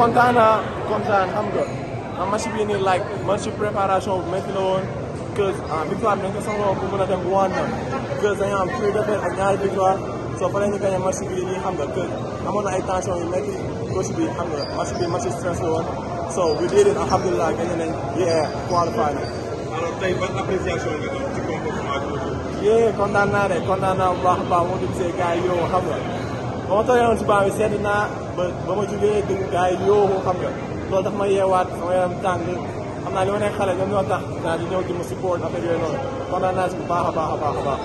kontaan naa I'm good. I'm bii nii like match préparation bu métti la woon que victoire bi dañ ko soxla woon pour mën a dem Rwanda am three défaites ak ñaari victoire So paree ñu gagné match bii nii xam nga que amoon na ay tension yu métti coach bi xam nga match bii match stress la so we did it Alhamdulillah, and then yeah qualifié na. alors tey ban appréciation nga am ci comportement boobu. a baax ba ma toogee woon si baa bi sedd naa ba ba ma jugee dégg gars yi yóoxu xam nga loolu daf ma yeewaat sama yaram tàng xam naa li ma nekk xale ñoom ñoo tax naa di ñëw di ma support affaire yooyu noonu kontaan naa si bu baax a baax a baax a baax